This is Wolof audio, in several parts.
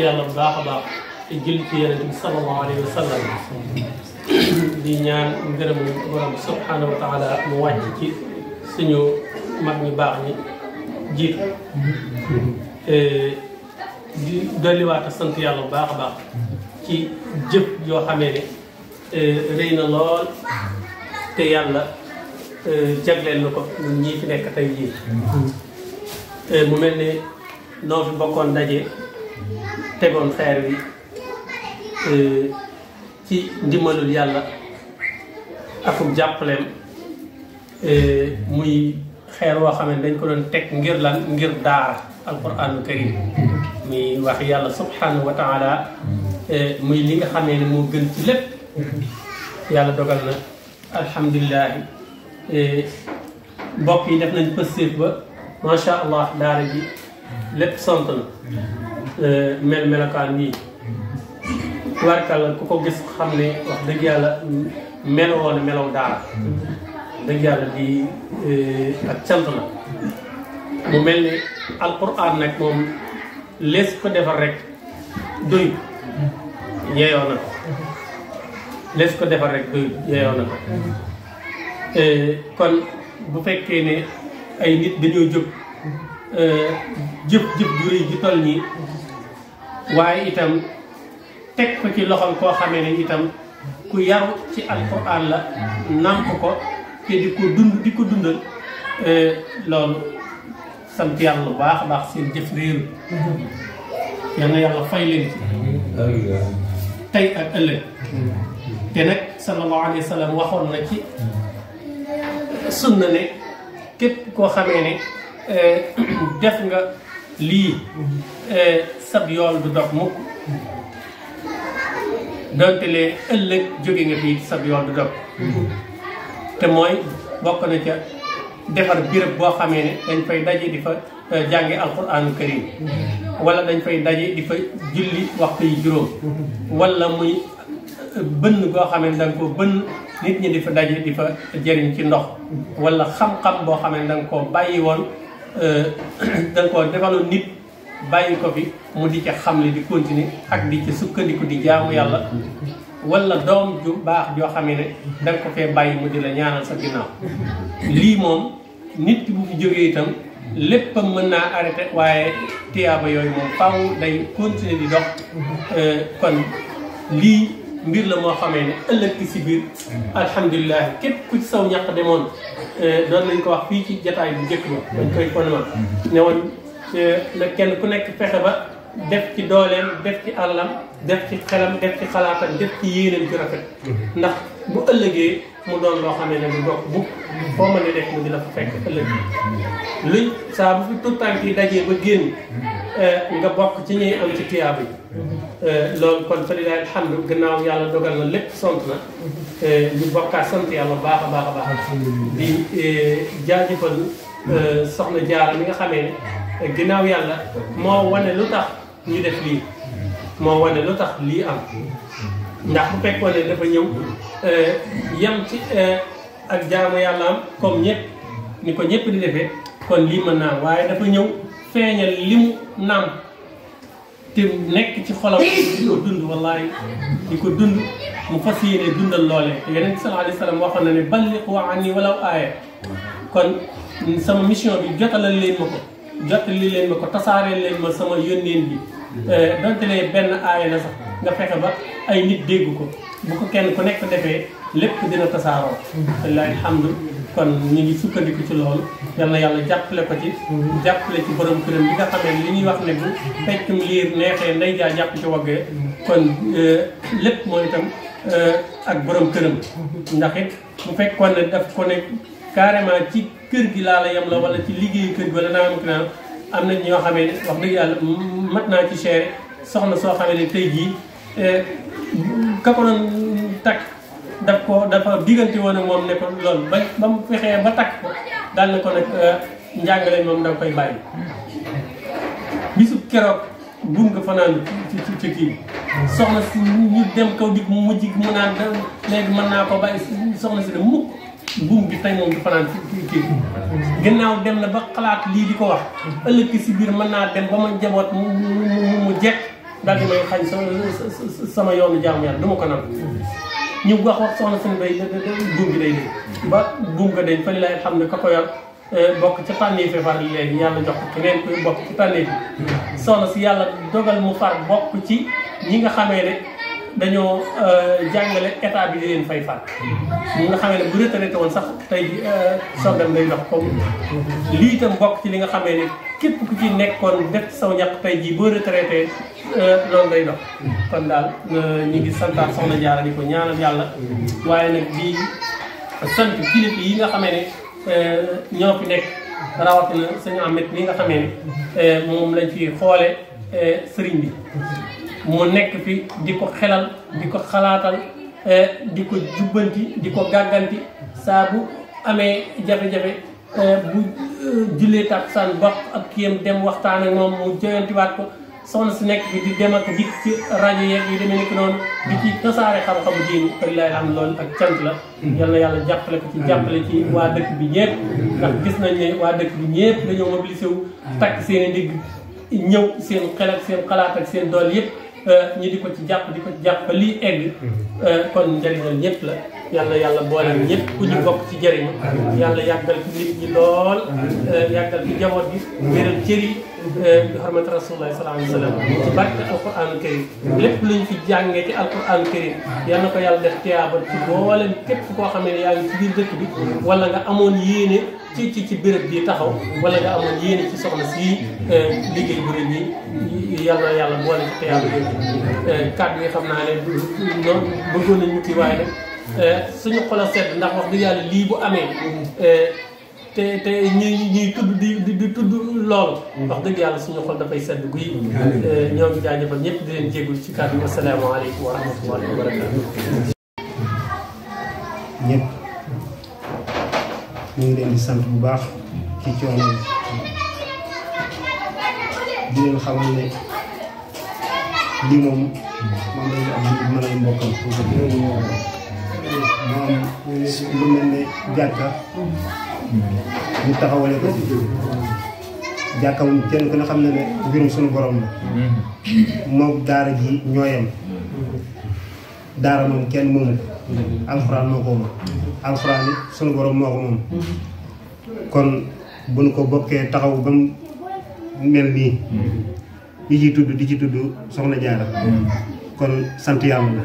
yàlla bu baax a baax te jël ci yonent bi sallallahu alayhi wa di ñaan ngërëm borom subhanahu wa taala mu wàcc ci suñu mag ñu baax ni jiitu di sant yàlla bu baax a baax ci jëf yoo xamee ne e, rëy na lool te yàlla e, jagleel na ko ñun ñii fi nekk tey jii e, mu mel ne noo fi bokkoon daje تجون خيري كي دمالو يالا أفوك جابلم مي خير وخامن دين كولون تك نجير لان نجير دار القرآن الكريم مي وخي يالا سبحانه وتعالى مي لنغ خامن مو جنت لب يالا دوغلنا الحمد لله بوكي دفنا نبسيب ما شاء الله داري لب سنتنا Euh, mel melakaan nii tubaarkàlla ku ko gis xam ne wax dëgg yàlla meloo na melow daara dëgg yàlla di euh, ak cant la mu mel ni alquran nag moom lees ko defar rek doy yeeyoo na ko ko defar rek doy yeeyoo na ko euh, kon bu fekkee ne ay nit dañoo jóg jëf jëf ju rëy nii waaye itam teg ko ci loxol koo xamee ne itam ku yaru ci alquran la nàmp ko te di ko dund di ko dundal eh, loolu sant yàlla bu baax a baax seen jëf réeru yal na yàlla fay leen ci tey ak ëllëg te nag sallallahu alayhi waxoon na ci sunna ne képp koo xamee ne eh, def nga lii eh, sab yool du dog mukk donte ëllëg jóge nga fii sab yool du dog te mooy bokk na ca defar birëb boo xamee ne dañ fay daje di fa euh, jànge alquraanu karim wala dañ fay daje di fa julli waxtu muy euh, bënn boo xamee ne da nga nit ñi di daje di jëriñ ci ndox wala xam-xam boo xamee ne da nga koo bàyyi woon euh, da nga koo nit bàyyi ko bi mu di ca xamle di continuer ak di ca sukkandiku di jaamu yàlla walla doom ju baax joo xamee ne da nga ko fee bàyyi mu di la ñaanal sa ginnaaw lii moom nit ki bu fi jógee itam léppam mën naa arrêté waaye tiyaaba yooyu moom faw day continuer di dox euh, kon lii mbir la moo xamee ne ëllëg ci si biir alhamdulilah képp ku ci saw ñàkk demoon euh, doon nañ ko wax fii ci jataay bu jëkk ba dañ koy fon ne woon Euh, la kenn ku nekk fexe ba def ci dooleem def ci àllam def ci xelam def ci xalaatam def ci yéeneen ci rafet mhm. ndax bu ëllëgee mu doon loo xamee ne du dox bu foo mën a nekk mu dina fa fekk ëllëg luñ saa bu fi tout tànk yi dajee ba génn mhm. euh, nga bokk ci ñuy am ci tiyaab yi mhm. euh, loolu kon fa lilahi alhamdu gannaaw yàlla dogal na lépp sant na ñu bokkaat sant yàlla baax a baax a baax soxna jaara mi nga xamee ne ginnaaw yàlla moo wane lu tax ñu def lii moo wane lu tax lii am ndax bu fekkoon ne dafa ñëw eh, yem ci eh, ak jaamu yàlla am comme ñëpp ni ko ñëpp di defee kon lii mën naa waaye dafa ñëw feeñal li mu naam te nekk ci xolam di ko dund wallaahi di ko dund mu fas yéene dundal loolee yeneen sallallahu alayhi wa sallam waxoon na ne balliqu anni walaw aaya kon sama mission bi jotalal leen ma ko jottali leen ma ko tasaaree leen ma sama yónneen bi euh, donte ne benn aaya la sax nga fexe ba ay nit dégg ko bu ko kenn ku nekk defee lépp dina tasaaroo lillahi alhamdu kon ñu ngi sukkandiku ci loolu yal na yàlla jàppale ko ci jàppale ci borom këram bi nga xamee li ñuy wax ne bu feccum liir neexee nday jaa jàpp ci waggee kon euh, lépp mooy itam euh, ak borom këram ndax bu fekkoon ne daf ko ne carrément kër gi laa la yem la wala ci liggéey kër gi wala nangam ak am na ñoo xamee ne wax dëgg yàlla mat naa ci seere soxna soo xamee tey jii eh, ka ko takk daf ko dafa diggante woon ak moom ne fexee ba takk ko daal ko nag eh, njàngale moom da bàyyi bisu keroog bun nga soxna si ñu dem kaw dig mu mujj mu naan léegi mën naa ko bàyyi soxna si de mukk buum bi tey moom du fanaan fi dem na ba xalaat lii di ko wax ëllëg ki si biir mën naa dem ba ma jaboot mu mu mu jekk daal di may xañ sama yoonu jaamu yàlla du ma ko nangu ñu wax wax soxna suñu bay buum bi day dee ba buum ga dañ fa li ne ka ko yor eh, bokk ci tànnee fi far léegi yàlla jox ko keneen koy bokk si yàlla dogal mu far bokk ci ñi nga xamee ne dañoo euh, jàngale état bi di leen fay far ñi nga xamee ne bu retraité woon sax tey ji euh, soldam day dox comme lii itam bokk li nga xamee képp ku ci nekkoon def saw ñaq tey ji boo retraité euh, loolu day dox kon daal ñu ngi santaat soxna Jaara di ko ñaanal yàlla waaye nag di sant kilifa yi nga xamee ne ñoo fi nekk rawatina sëñ Ahmed li nga xamee ne moom lañ fi xoole sëriñ bi moo nekk fi di ko xelal di ko xalaatal eh, di ko jubbanti di ko gàgganti saa bu amee jafe-jafe eh, bu eh, jullee takkusaan ba ak kiyam dem waxtaan ak moom mu joyantiwaat ko soxna si nekk fi di dem ak dikk ci rajo yeeg yi demee nekk noonu di ci tasaare xam-xamu diini wallaahi alhamdu loolu ak cant la yal na yàlla jàppale ko ci jàppale ci waa dëkk bi ñëpp ndax gis nañ ne waa dëkk bi ñëpp dañoo mobilisé wu takk seen i ndigg ñëw seen xel ak seen xalaat ak seen dool yëpp ñi di ko ci jàpp di ko ci jàpp ba lii egg mhm. euh, kon njëriñal ñëpp la yàlla yàlla boolem ñëpp ku ñu bokk ci jëriñu yàlla yàggal fi nit ñi lool yàggal fi jaboot bi wéral cëri bi xormate rasulullahi sallallahu alayhi wa sallam ci barke alquran karim lépp luñ fi jàngee ci alquran karim yal ko yàlla def tiyaaba ci boolem képp koo xam ne yaa ngi ci biir dëkk bi wala nga amoon yéene ci ci bërëb béréb taxaw wala nga amoon yéene ci soxna si liggéey bu rëy bi yàlla yàlla boole ci tiyaaba yooyu kàddu yi xam naa ne noonu bëggoon nañu kii waaye Euh, suñu xol a sedd ndax wax dëgg yàlla lii bu amee euh, te te ñuy ñuy tudd di di tudd lool wax dëgg yàlla suñu xol dafay sedd guy euh, ñoo ngi jaajëfal ñëpp di leen jéggul ci kàddu yi asalaamaaleykum wa rahmatullahi wa barakatu ñëpp ñu ngi leen di sant bu baax ci coono di leen xamal ne lii moom moom lañu am mën a maanaam lu mel ne jàkka ñu taxawale ko jàkka moom kenn ku ne xam ne ne mbirum suñu boroom la moom daara ji ñooyam daara moom kenn moomu ko alxuraan moo ko moom alxuraan yi suñu borom moo ko moom kon bu ñu ko bokkee taxaw ba mu mel nii yi ci tudd di ci tudd soxna jaara kon sant yàlla la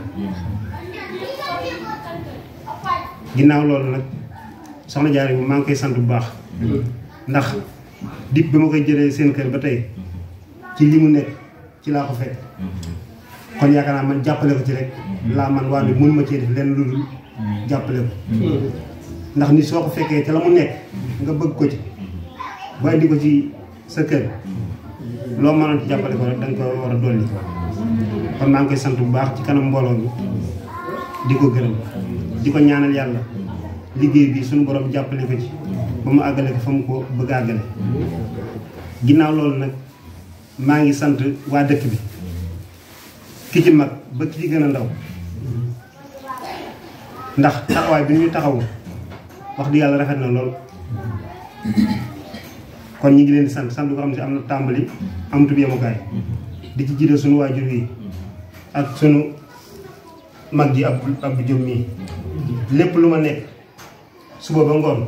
ginaaw lool nak soxna jaar yi maa koy sant bu baax ndax dib bima ma koy jëlee seen kër ba tey ci li mu nekk ci laa ko fekk kon yaakaar naa man jàppale ko ci rek laa man waa bi mënu ma cee def lu dul ko ndax ni soo ko fekkee la mu nekk nga bëgg ko ci ba di ko ci sa kër loo mënoon ci jàppale ko rek war a dolli kon maa ngi koy sant bu baax ci kanam mbooloo bi di gërëm di ko ñaanal yàlla liggéey bi suñu borom jàppale ko ci ba mu àggale ko fa mu ko bëgg a àggale ginnaaw loolu nag maa ngi sant waa dëkk bi ki ci mag ba ki ci gën a ndaw ndax taxawaay bi ñu taxaw wax di yàlla rafet na lool kon ñi ngi leen sant sant bu ko xam ne am na tàmbali am tubi yemukaay di ci jiital sunu waajur yi ak sunu mag ji ab ab jëm mii lépp lu ma nekk suba ba ngoon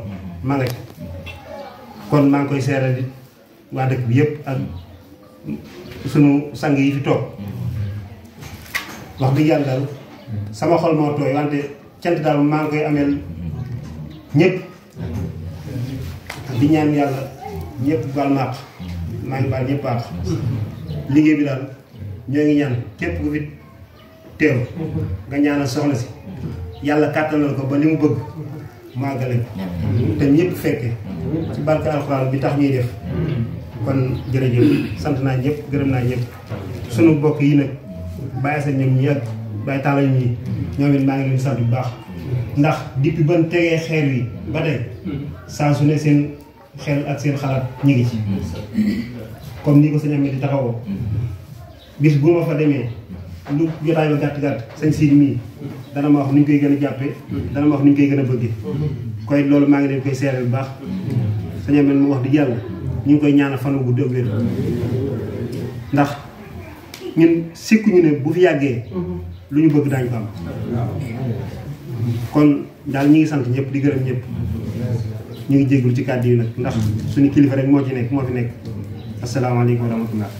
ma nga kon maa ngi koy seeral it waa dëkk bi yëpp ak sunu sang yi fi toog wax dëgg yàlla daal sama xol moo tooy wante cant daal maa ngi koy ameel ñëpp di ñaan yàlla ñëpp baal maaq maa ngi baal ñëpp liggéey bi daal ñoo ngi ñaan képp ku fi teew nga ñaanal soxna si yàlla kàttanal ko ba li mu bëgg màggale ko te ñëpp fekkee ci barke alxuraan bi tax ñuy def kon jërëjëf sant naa ñëpp gërëm naa ñëpp sunu mbokk yi nag bàyyi sa ñoom ñi ak bàyyi taala ñi ñoom it ngi leen sant bu baax ndax depuis ban tegee xeer yi ba tey saa su ne seen xel ak seen xalaat ñu ngi ci comme ni ko sëñ Amady di taxawoo bis bu fa demee lu jotaay ba gàtt gàtt sañ siir mii dana ma wax ni ñu koy gën a jàppee dana ma wax ni ñu koy gën a bëgge koy loolu maa ngi leen koy seeral bu baax saña mel mu wax di yàlla ñu ngi koy ñaanal fan wu gudd ndax ñun sikkuñu ne bu fi yàggee lu ñu bëgg daañu ko am kon daal ñu ngi sant ñëpp di gërëm ñëpp ñu ngi jéggul ci kàddu yi nag ndax suñu kilifa rek moo ci nekk moo fi nekk asalaamaaleykum wa rahmatullah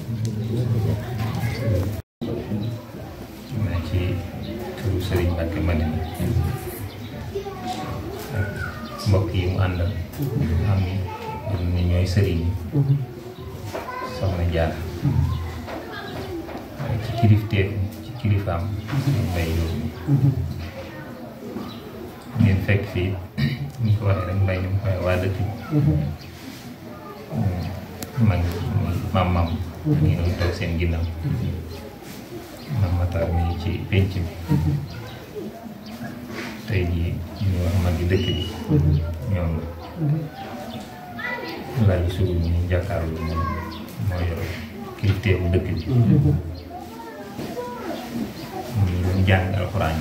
Anda xam ni sama sëriñ soxna jaar ci fam, ci kilifaam suñu mbay loolu yang fekk fii ñi ko waxee rek mbay ñu koy waa dëkk mag mam mam ngi doon sen seen mam mataar mi ci penc mi tey jii ñu wax ñoom la lay suñu ñu jàkkaarlu moom moo yor kilifteefu dëkk bi ñu doon jàng alxuraan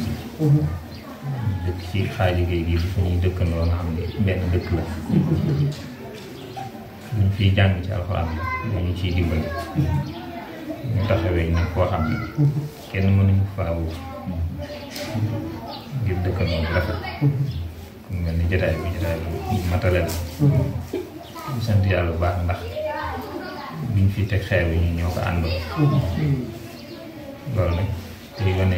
gi suñuy dëkkandoo nga xam ne benn dëkk la ñu fiy jàng ci alxuraan la ñu ciy dimbali ñu taxawee nag koo xam ne kenn mënuñu faawu ngir rafet mu mel ni jotaay bi jotaay bi matale la. ñu mm-hmm. sant yàlla bu baax ndax biñ fi teg xeer bi ñu ñoo ko àndoo. Mm-hmm. loolu nag day mm-hmm.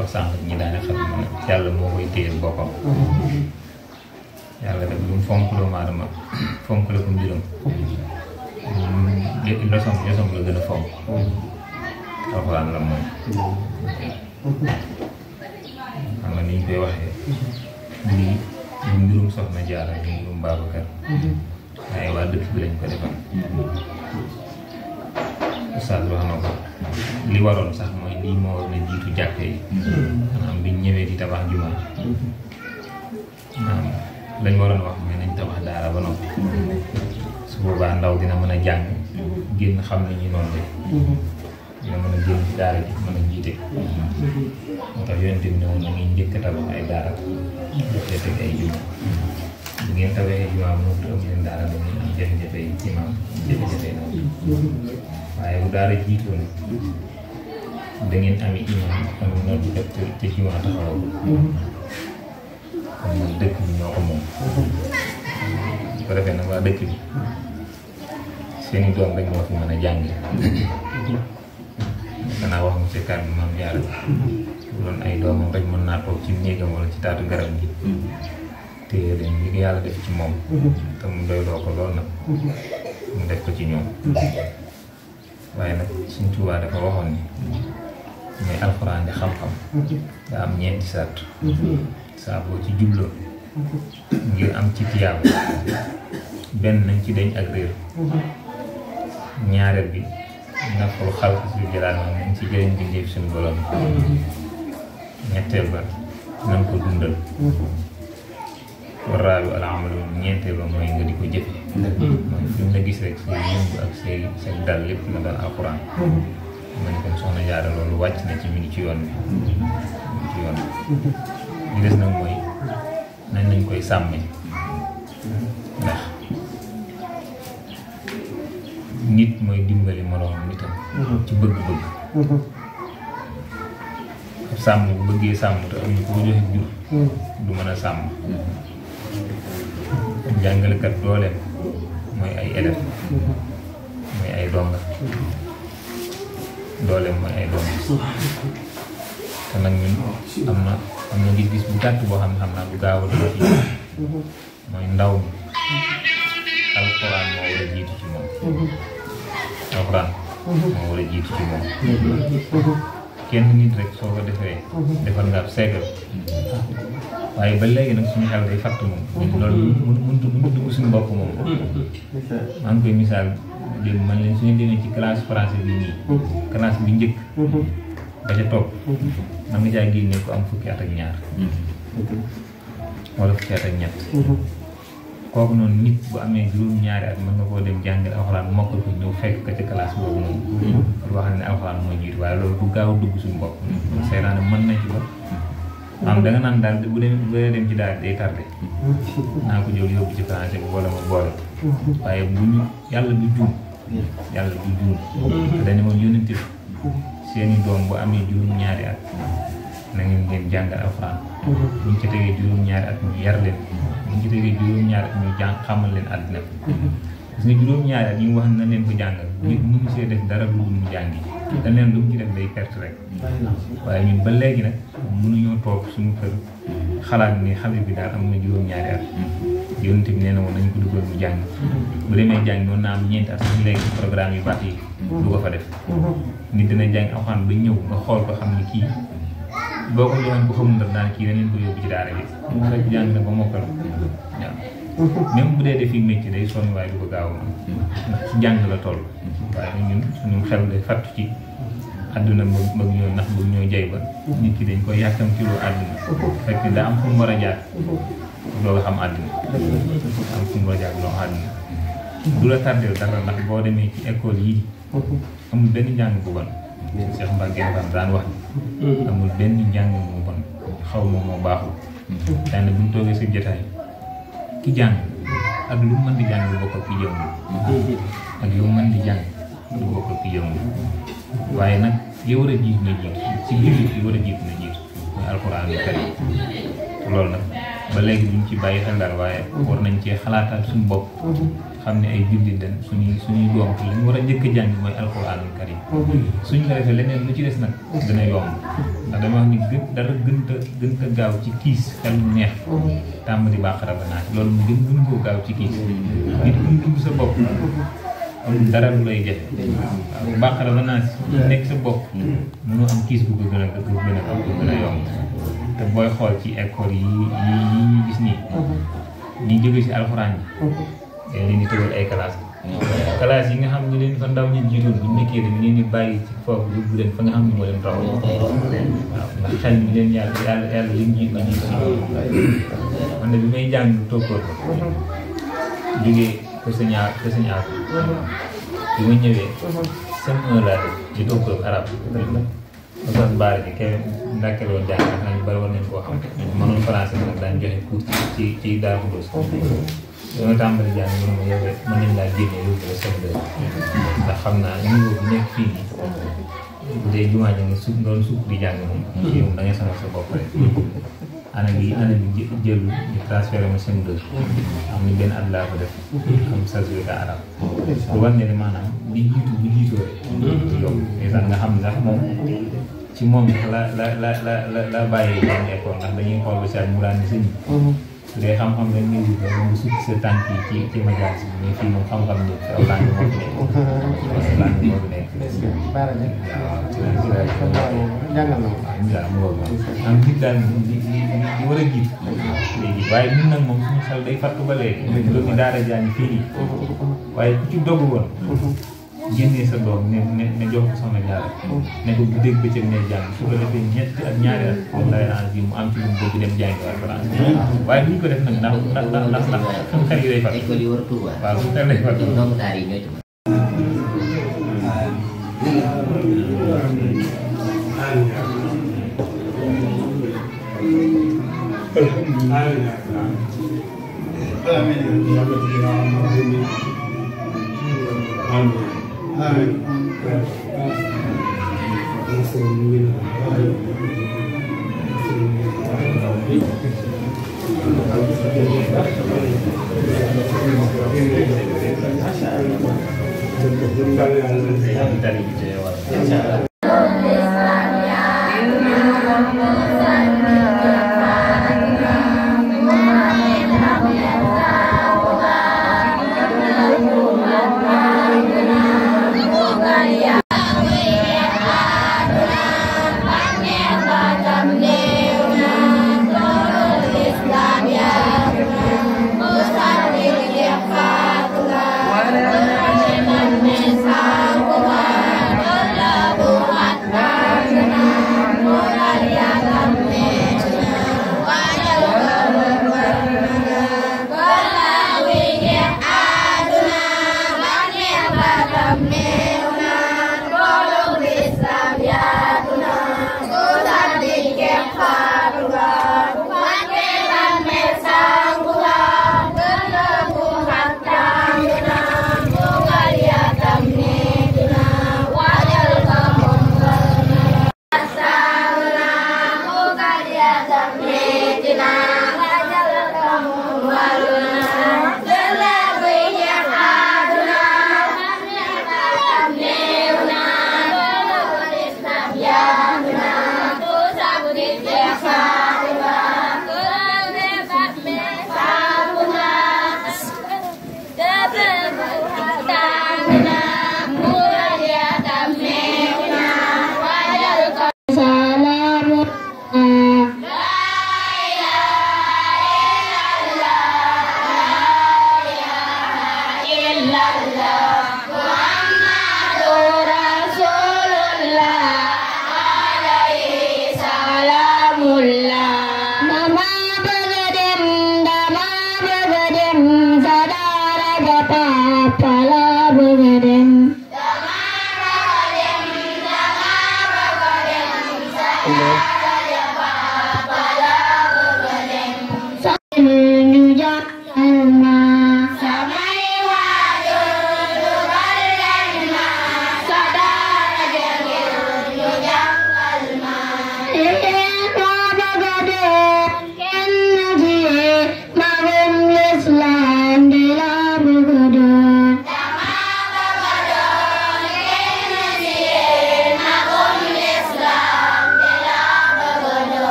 wax ñi daan xam ne yàlla moo alxuraan la moom. xam nga ni ñu koy waxee ñun ñun mbirum soxna jaara ñu mbirum Babacar waaye waa dëkk bi lañ ko defal Oustaz wax na mo li waroon na di tabax juma lain lañ waroon wax mooy nañ tabax daara ba noppi su boobaa ndaw dina mën a jàng génn xam ne moo tax yonent bi ne woon nañuy njëkk a tabax ay daara jox leen teg ay juma bu ngeen tabaxee juma mu am leen daara ba ngeen am jafe-jafe yi ci maam jafe-jafe yi noonu waaye bu daara jiitoon da ngeen ami imaam am nodd def te juma taxawagul kon nag dëkk bi ñoo ko moom bu ko defee nag waa dëkk bi seeni doom rek moo fi mën a jàngi danaa wax mu ci kàddu maam yàlla loolu ay doomam rek mën naa toog ci néegam wala ci taatu garab gi te leen li yàlla def ci moom te mu doyloo ko lool nag mu def ko ci ñoom waaye nag suñ Tuubaa dafa waxoon ni muy alxuraan di xam-xam daa am ñeenti saat saa ci jubloo ngir am ci tiyaab benn nañ ci dañ ak réer ñaareel bi naful xalq si jëlaat moom ñu ci jëriñ bi suñu borom ñetteel ba nan ko dundal waraayu alamalu ñeenteel ba mooy nga di ko jëfe mooy fi mu la gis rek say yëngu ak loolu wàcc na ci mi ngi ci yoon bi mi ngi ci yoon bi li des nag mooy nañ nañ koy sàmm nit mooy dimbali moroomam nitam mhm. ci bëgg-bëgg mhm. sàmm bu bëggee sàmm te am ko joxe jur mhm. du mën a sàmm jàngalekat dooleem mooy ay élève mooy ay donga dooleem mooy ay donga te nag ñun am na am na gis-gis bu gàtt boo xam ne xam naa du gaaw a dugg ci mooy ndaw mi alxuraan moo war a jiitu ci moom safran moo war jitu jiitu ci moom kenn nit rek soo ko defee defal nga ab seegal waaye ba léegi nag suñu xel day fàtt moom ñun loolu mënut mënut dugg suñu bopp moom maa ngi koy misaal démb man leen suñu demee ci classe français bi nii classe bi njëkk ba ca topp man nga caa ko am fukki at ak ñaar wala fukki at ak ñett kooku noonu nit bu amee juróom-ñaari at mën nga koo dem jàngal alxuraan mokk ko ñëw fekk ko ca classe boobu noonu mm-hmm. pour wax ne alxuraan mooy jiitu waaye loolu bu gaaw dugg suñu bopp mm-hmm. seytaane mën na ci ba am da nga naan daal bu dem bu dem ci daal day tardé mm-hmm. naa ko jël yóbbu ci français bi wala ma boole waaye bu ñu yàlla du juum yàlla du juum dañu moom yónnante seeni doom bu ñaari at na ngeen ngeen jàngal alxuraan bu ñu ca tegee ñaari at ñu yar leen bu ñu defee juróom-ñaari at ñu jàng xamal leen àddina bi parce que juróom-ñaari at ñu na leen ko jàngal nit mënu see def dara lu mu jàngi da leen lu mu ci def day perte rek waaye ñun ba léegi nag mënuñoo toog suñu kër xalaat ni xale bi daal am na juróom-ñaari at yonent bi nee na woon nañ ko dugal mu jàng bu demee jàng noonu na am ñeenti at sax léegi programme yu baax yi du ko fa def nit dina jàng am xam ba ñëw nga xool ko xam ne kii boo ko joxoon ku fa mun def kii dañ leen ko yóbbu ci daara ji. Mm-hmm. mu fekk jàng na ba mokkal waaw mm-hmm. même bu dee defi métier day sonn waaye du ko gaaw ndax ci mm-hmm. jàng la toll. waaye ñun suñu xel ci àdduna bëgg ñoo ndax bëgg ñoo jay ba. nit ki dañ koy yàkkam ci lu àdduna. fekk daa am fu war a jaar. loo xam àdduna. am fu war a jaar loo xam àdduna. du la tardeel dara ndax boo demee ci école yii. amul benn njàng bu bon. Cheikh Mbacke Mbacke daan wax ni mm-hmm. amul benn njàng mu bon xaw ma moo baaxul daan mm-hmm. buñ toogee si jotaay ki jàng ak lu mu mën di jàng lu bokk ak ki jëmul mm-hmm. ak mën di waaye nag li war a jiit na jiit si jullit li war a jiit na jiit mooy alxuraan bi karim loolu nag ba léegi duñ ci bàyyi xel daal waaye war nañ cee xalaataat suñ bopp xam ne ay jullit dañ suñuy suñuy doom lañ war a njëkk a jàng mooy alxuraanul karim suñ la defee leneen lu ci des nag dana yomb ndax dama wax ni gën dara gënta gënta ci kiis xel neex tàmm di baax loolu mu gën gën koo gaaw ci kiis nit ku dugg sa bopp amul dara lu lay jafe waaw baax raba naa nekk sa bopp mënoo am kiis bu ko gën a bu gën a bu gën yomb te booy xool ci école yi yi yi gis nii li jóge si alxuraan yi dañ leen di tëral nga xam ne leen fa ndaw ñi jiitoon bu nekkee dañ leen di bàyyi ci foofu yóbbu leen fa nga xam ne moo leen raw. Ah, waaw ndax xel mi leen yàlla yàlla yàlla leen jiit nañu ko. man de bi may jàng toppatoo ko. jógee ko ah. loo jàng nañu xam. mënoon daan joxe cours ci ci Darou Moukhty. bi ma tàmbali la soxla xam naa nekk fii nii bu dee su di jàng moom sa bopp rek ana bi ana bi jëlu ko def am saswika arab lu moom ci moom la la la la la la bàyyi jàng école ndax dañuy xool ba mu daan ni sëñ su dee xam-xam rek nga gis rek nga suuf sa ci ci magasin bi mais fii xam-xam ne Hollande moo fi nekk. Hollande moo nekk. na mu war a am war a jiit. waaye ñun nag moom suñu xel day fàttu ba léegi. dëgg la doomi daara jaa ngi fii nii. waaye ku ci dogu woon. génnee sa doom ne ne ne jox ko soxna Jaara ne ko guddeeg bëccëg ne jàng su ko defee ñetti ak ñaari at wallahi ag yi mu am ci lu mu bëgg dem jàng alxuraan waaye duñ ko def nag ndax ndax ndax ndax ndax suñu xel yi day fat école yi war a tuuba waaw suñu xel lay fat ndongo daara yi ñoo ci mën Alhamdulillah. Amin. 对。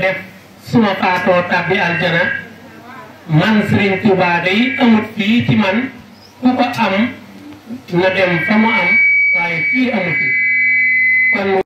def su ma tabbi aljana man Serigne Touba day amut fi ci man ku ko am na dem fa mu am waye fi amut fi kon.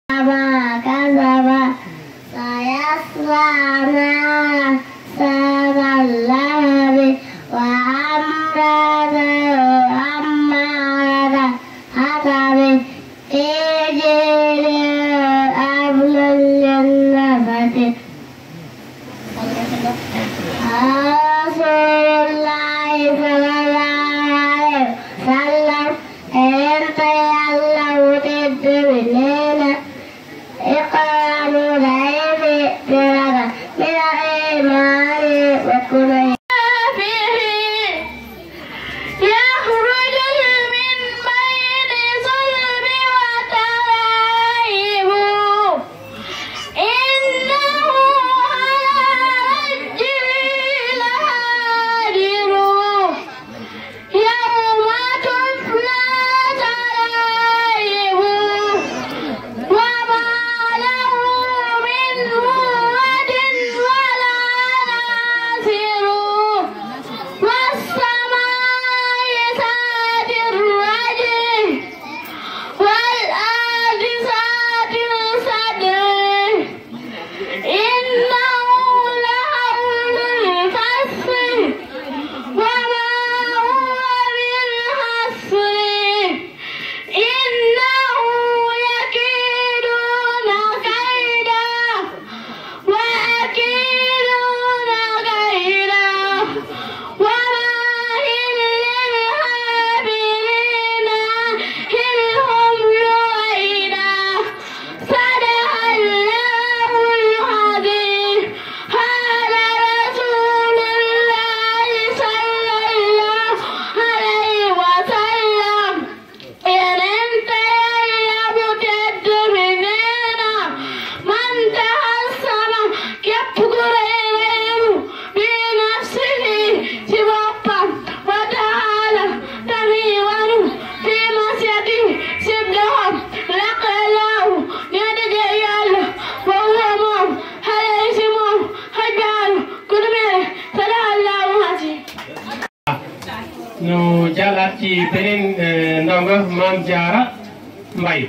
mbay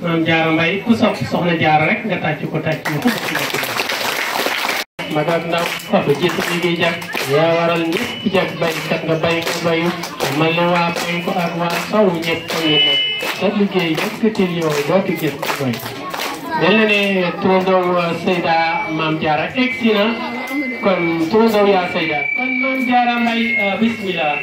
maam jaara mbay ku sopp soxna jaara rek nga tàcc ko tàcc mu ko mag ak ndaw fafu liggéey jàkk yaa waral ñëpp jàkk baykat nga bayu mel ne waa bay ko ak waa saw ñëpp ko ñu nekk sa liggéey Seyda maam jaara egsi kon turandoo yaa Seyda kon maam jaara mbay euh, bismillah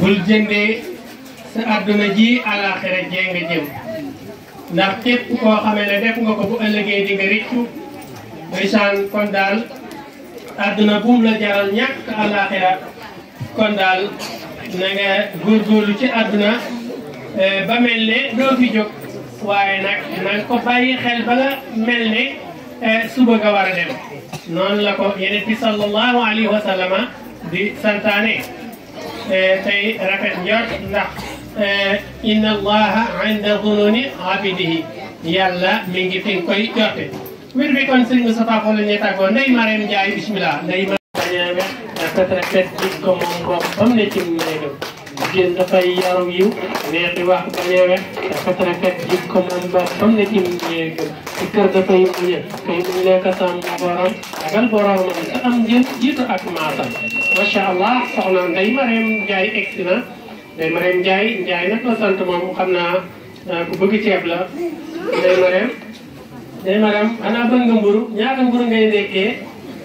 bul jëndee sa adduna ji alaxira jee nga jëm ndax képp koo xamee ne def nga ko bu ëllëgee di nga rëccu ndeysaan kon daal adduna buum la jaral ñàkk alaxira kon daal na nga ci adduna eh, ba mel ne doo fi jóg waaye nag na ko bàyyi xel ba nga mel ne eh, suba nga war dem noonu la ko yeneen bi sallallahu alayhi wa di santaane eh, tey rafet njort ndax eh, inna allaha inda zununi abidihi yàlla mi ngi fi koy jotte mbir mi kon sëriñ Moustapha Fall la ñuy tàggoo Ndeye Marème Ndiaye bismillah Ndeye Marème Ndiaye nag peut-être ko moom bokk ba mu ne ci mu ne jigéen dafay yaru yiw weexi wax bañee weex rafetrekat jik ko moom ba xam ne tim ci kër dafay muñe kay buñ lekka sàmm borom agal boromam te am njën jiitu ak maatam macha allah soxna Ndeye Marème Ndiaye egsi na Ndeye Marème Ndiaye Ndiaye nag sant moom xam naa ku bëgg ceeb la Ndeye Marème Ndeye Marème xanaa bëgg nga mburu ñaata mburu ngay nekkee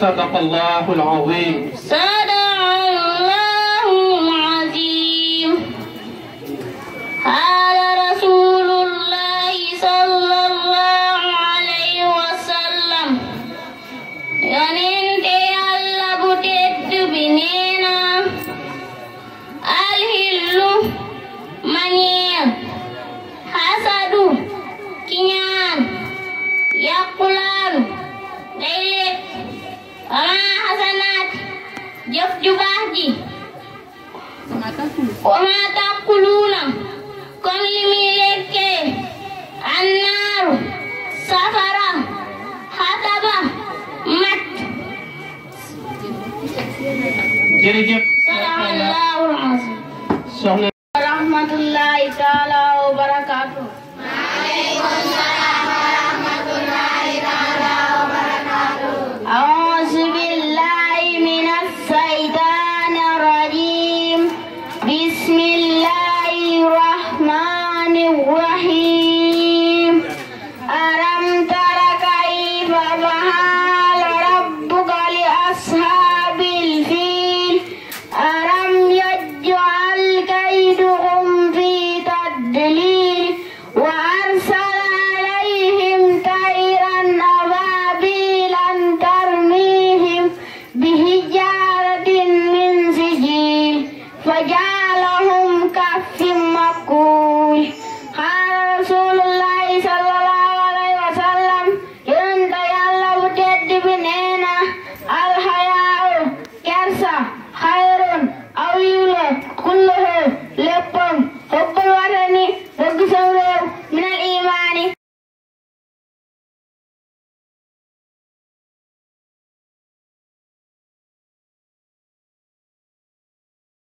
صدق الله العظيم sur